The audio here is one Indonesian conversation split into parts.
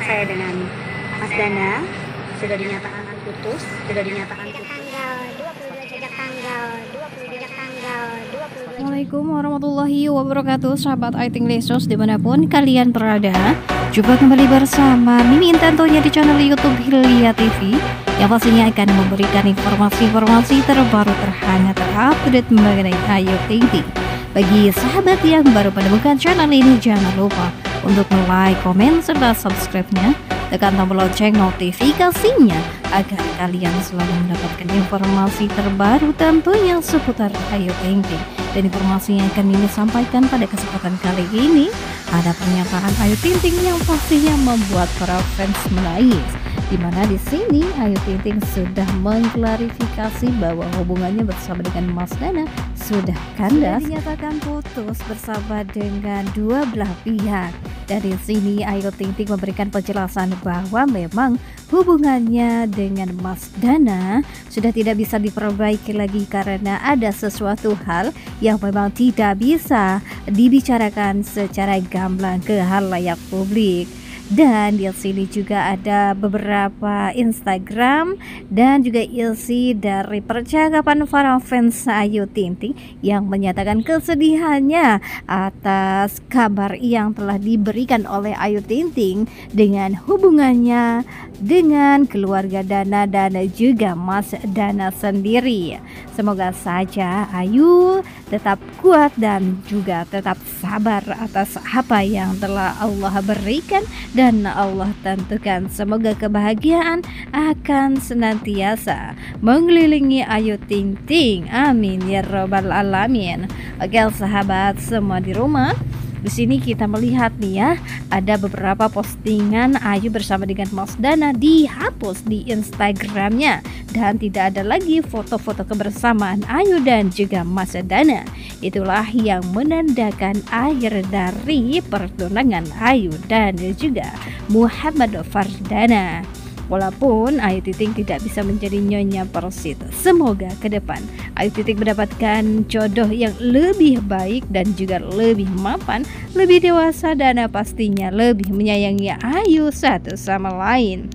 saya dengan Mas Dana sudah dinyatakan putus, sudah dinyatakan putus. Assalamualaikum warahmatullahi wabarakatuh Sahabat Aiting Lesos dimanapun kalian berada Jumpa kembali bersama Mimi tentunya di channel Youtube Hilya TV Yang pastinya akan memberikan informasi-informasi terbaru terhangat terupdate mengenai Ayu Ting Ting Bagi sahabat yang baru menemukan channel ini jangan lupa untuk like, komen, serta subscribe-nya. Tekan tombol lonceng notifikasinya agar kalian selalu mendapatkan informasi terbaru tentunya seputar Ayu Ting Ting. Dan informasi yang akan ini sampaikan pada kesempatan kali ini ada pernyataan Ayu Ting Ting yang pastinya membuat para fans menangis. Di mana di sini Ayu Ting Ting sudah mengklarifikasi bahwa hubungannya bersama dengan Mas Dana sudah kandas. Sudah dinyatakan putus bersama dengan dua belah pihak. Dari sini Ayu Ting Ting memberikan penjelasan bahwa memang hubungannya dengan Mas Dana sudah tidak bisa diperbaiki lagi karena ada sesuatu hal yang memang tidak bisa dibicarakan secara gamblang ke hal layak publik dan di sini juga ada beberapa Instagram dan juga ilsi dari percakapan para fans Ayu Ting yang menyatakan kesedihannya atas kabar yang telah diberikan oleh Ayu Ting dengan hubungannya dengan keluarga Dana dan juga Mas Dana sendiri. Semoga saja Ayu tetap kuat dan juga tetap sabar atas apa yang telah Allah berikan dan Allah tentukan semoga kebahagiaan akan senantiasa mengelilingi Ayu Ting Ting amin ya robbal alamin oke sahabat semua di rumah di sini kita melihat nih ya, ada beberapa postingan Ayu bersama dengan Mas Dana dihapus di Instagramnya dan tidak ada lagi foto-foto kebersamaan Ayu dan juga Mas Dana. Itulah yang menandakan akhir dari pertunangan Ayu dan juga Muhammad Fardana. Walaupun Ayu Titik tidak bisa menjadi nyonya Persit. Semoga ke depan Ayu Titik mendapatkan jodoh yang lebih baik dan juga lebih mapan, lebih dewasa dan pastinya lebih menyayangi Ayu satu sama lain.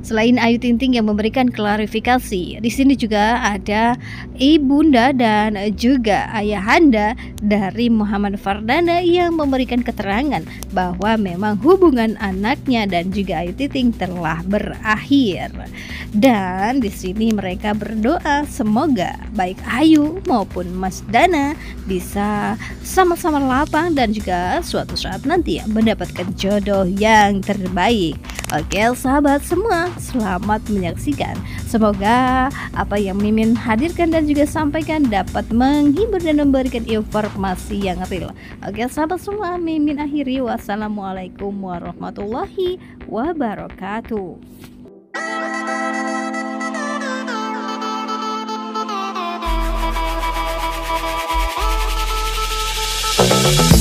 Selain Ayu Ting Ting yang memberikan klarifikasi, di sini juga ada ibunda dan juga ayahanda dari Muhammad Fardana yang memberikan keterangan bahwa memang hubungan anaknya dan juga Ayu Ting Ting telah berakhir. Dan di sini mereka berdoa semoga baik Ayu maupun Mas Dana bisa sama-sama lapang dan juga suatu saat nanti mendapatkan jodoh yang terbaik. Oke sahabat semua selamat menyaksikan Semoga apa yang Mimin hadirkan dan juga sampaikan dapat menghibur dan memberikan informasi yang real Oke sahabat semua Mimin akhiri Wassalamualaikum warahmatullahi wabarakatuh Thank you.